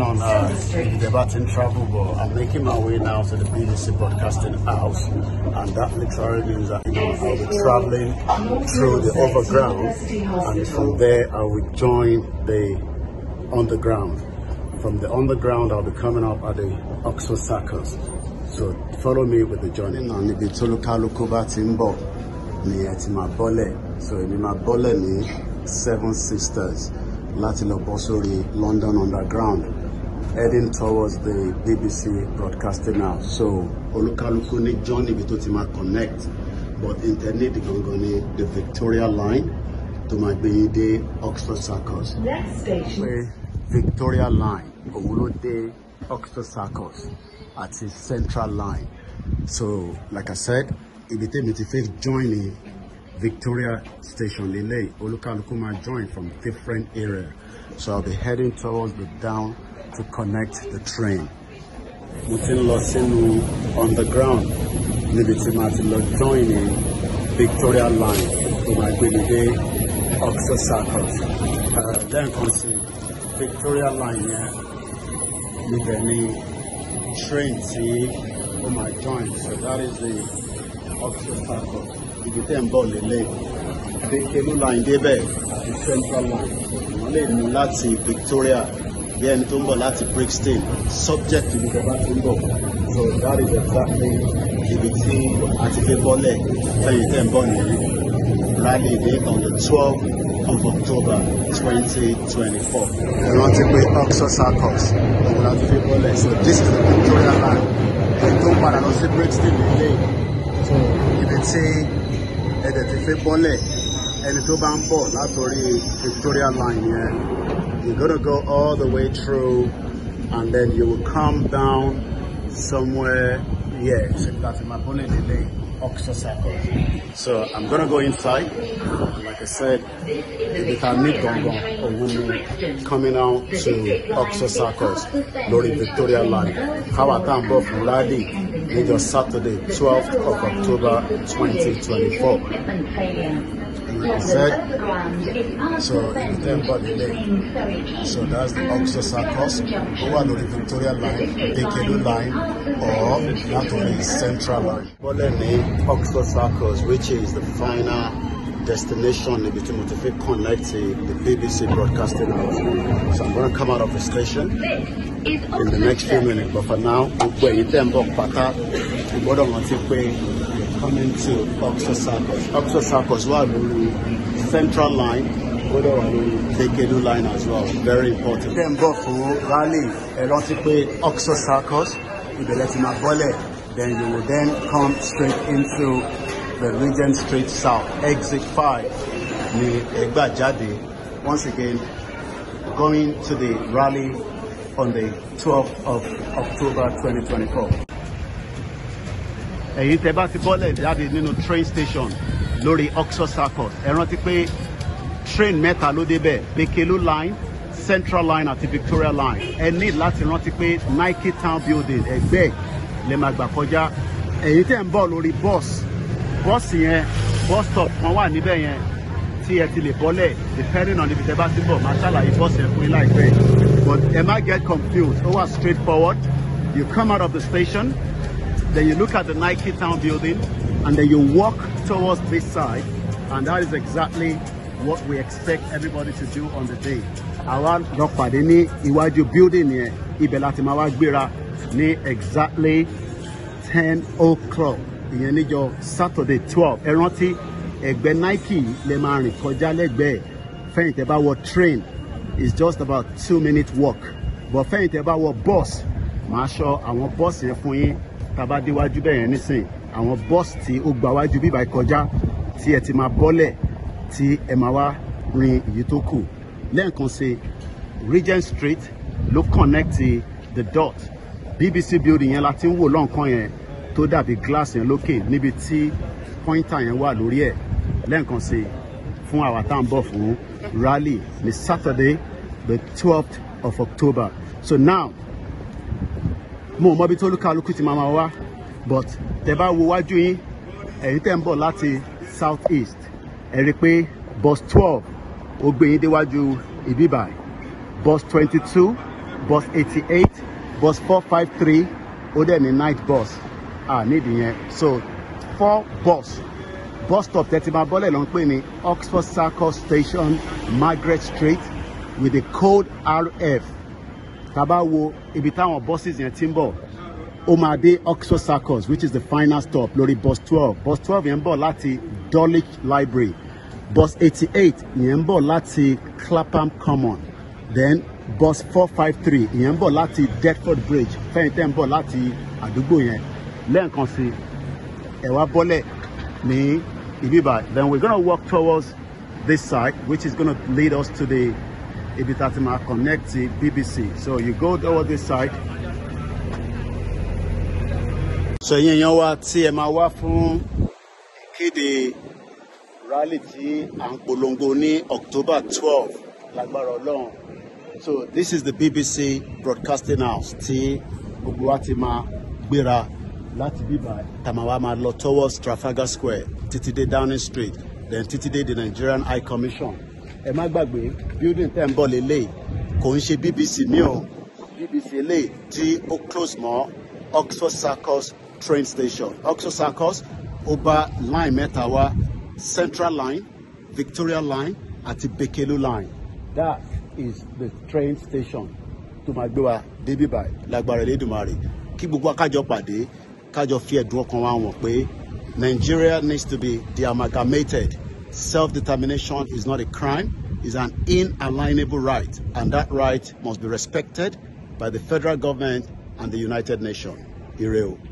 on uh, the Baton travel, but I'm making my way now to the BBC Broadcasting House, and that literally means that you know, I'll be traveling through the overground, and from there I will join the underground. From the underground, I'll be coming up at the Oxford Circus. So follow me with the journey. Náà níbi tó lókàlókó bá ti ń bọ̀ ni ẹ so in my bọ́lẹ̀ Seven Sisters láti lọ London Underground heading towards the BBC broadcasting now. So olúkálùkù ní journey tó connect but internet gangan ni the Victoria line tó my gbé Oxford Circus. Next station. Victoria line òun the Oxford Circus the Central line. So like I said ibi tèmi ti fẹ́ join ni Victoria station lélẹ̀ olúkálùkù join from different area. So I'll be heading towards the down. to connect the train. mo Losinu ń lọ sínú underground níbi tí màá ti Victoria line to my gbé mi dé Oxford Circus lẹ́ẹ̀kan sí Victoria line yẹn níbẹ̀ ni train tí ó máa join so that is the Oxford Circus ibi tẹ́ ń Lake. lélẹ̀ adékelú line débẹ̀ Central line wọ́n lè mú láti Victoria bí ẹni tó ń bọ̀ láti Brixton subject ibi tó bá ti ń bọ̀ so that is exactly ibi tí a ti fi bọ́lẹ̀ fẹ́yìn tẹ̀ ń bọ̀ nìyí rally day on the twelve of October twenty twenty four rántí pé Oxford Circus òun láti fi bọ́lẹ̀ so this is the Victoria line ẹni tó ń padà lọ sí Brixton nílé so ibi tí ẹ̀dẹ̀ ti fi bọ́lẹ̀ ẹni tó bá ń bọ̀ látòrí Victoria line yẹn. You're gonna go all the way through and then you will come down somewhere, yeah, so that's my bonnet delay, Oxo Circle. So I'm gonna go inside. Like I said, if I meet Gongon or Wumi coming out to Oxo Circles, Lori Victoria Land. How I can both Ladi Lagos, Saturday, 12th of October 2024. said, so November the lake. So that's the Oxo Circus, over the Victoria Line, Bekelu Line, or only Central Line. Well, Oxo Circus, which is the final destination níbi tí mo ti fẹ́ connect the BBC broadcasting house so I'm going to come out of the station in the next few minutes but for now we're going to ń bọ̀ pátá ìgbọ́dọ̀ rántí pé coming to Oxford Circus Oxford Circus wà lórí central line gbọ́dọ̀ wà lórí Dekenu line as well very important. tẹ̀ go for fún rally ẹ rántí pé Oxford Circus If you ìbẹ̀lẹ̀ ti a bullet, then you will then come straight into the Regent Street South, exit 5 ní Egba Jade. Once again, going to the rally on the 12th of October 2024. Ẹ̀yin tẹ́ bá ti bọ́lẹ̀ jáde nínú train station lórí Oxford Circuit. Ẹ rántí pé train mẹ́ta ló débẹ̀, Bekelu line, Central line àti Victoria line. Ẹ ní láti rántí pé Nike Town building ẹgbẹ́ lè máa gbà kọjá. Ẹ̀yin tẹ́ ń bọ̀ lórí bus bọ́ọ̀sì yẹn bus stop kan wà níbẹ̀ yẹn tí ẹ ti lè bọ́lẹ̀ depending on ibi tẹ bá ti bọ̀ máa ṣàlàyé bọ́ọ̀sì yẹn fún yín láìpẹ́ but ẹ má get confused ó wà straight forward you come out of the station then you look at the Nike Town building and then you walk towards this side and that is exactly what we expect everybody to do on the day. àwa lọ pàdé ní iwájú building yẹn ibẹ̀ láti máa wá gbéra ní exactly ten o'clock ìyẹn níjọ́ Saturday twelve ẹ rántí ẹ̀gbẹ́ Nike lè máa rìn kọjá lẹ́gbẹ̀ẹ́ fẹ̀yìntẹ́ bá wọ train is just about two minute walk but fẹ̀yìntẹ́ bá wọ bus màá sọ àwọn bus yẹn fún yín tàbá déwájú bẹ́ẹ̀ yẹn nísìn àwọn bus tí ó gba wájú bíbá kọjá tí ẹ ti máa bọ́lẹ̀ tí ẹ máa wá rin èyí tó kù lẹ́ẹ̀kan sí Regent Street ló connect the dot BBC building yẹn la ti ń wò lọ́nkàn yẹn tó dàbí gíláàsì yẹn lókè níbi tí pọ́ńtà yẹn wà lórí ẹ̀ lẹ́ǹkan sí fún àwa tá à ń bọ̀ fún rally ní Saturday the twelfth of October so now mo mọ ibi tó olúkálukú ti máa wá but tẹ bá wo wájú yín ẹ̀yin tẹ́ ń bọ̀ láti south east ẹ rí i pé bus twelve ó gbé yín déwájú ìbíbà bus twenty two bus eighty eight bus four five three ó dẹ̀ ní night bus a nídìí yẹn so four bus bus stop tẹ́tí máa bọ́lẹ̀ ló ń pè ní Oxford Circle Station Margaret Street with the code RF tá wo ibi táwọn buses yẹn ti ń bọ̀ ó máa dé Oxford Circus which is the final stop lórí bus twelve bus twelve yẹn ń bọ̀ láti Dulwich Library bus eighty eight yẹn ń bọ̀ láti Clapham Common then bus four five three yẹn ń bọ̀ láti Deptford Bridge fẹ́yìntẹ́ ń bọ̀ láti àdúgbò yẹn lẹ́ẹ̀kan sí ẹ wá bọ́lẹ̀ ní ibiba then we're gonna walk towards this side which is gonna lead us to the ibitatima connect the BBC so you go towards this side. so ẹ̀yin èèyàn wa tí ẹ máa wá fún ìkéde rally tí à ń polongo ní October twelve lágbára Ọlọ́run so this is the BBC broadcasting house tí gbogbo wa ti máa gbéra láti bíbá ẹ̀. tàmáwá máa lọ towards Trafalgar Square títí dé Downing Street then títí dé the Nigerian High Commission ẹ má gbàgbé building tẹ́ ń bọ̀ lélẹ̀ kò ń ṣe BBC mi o BBC lè tí ó close mọ́ Oxford Circus train station Oxford Circus ó bá line mẹ́ta wá Central Line Victoria Line àti Bekelu Line that is the train station tó máa gbé wa débí báyìí lágbára Elédùmarè kí gbogbo akájọ pàdé kájọ fi ẹ̀dùn ọkàn wa wọ̀n pé Nigeria needs to be de-amalgamated. Self-determination is not a crime, it's an inalienable right, and that right must be respected by the federal government and the United Nations. Ire o.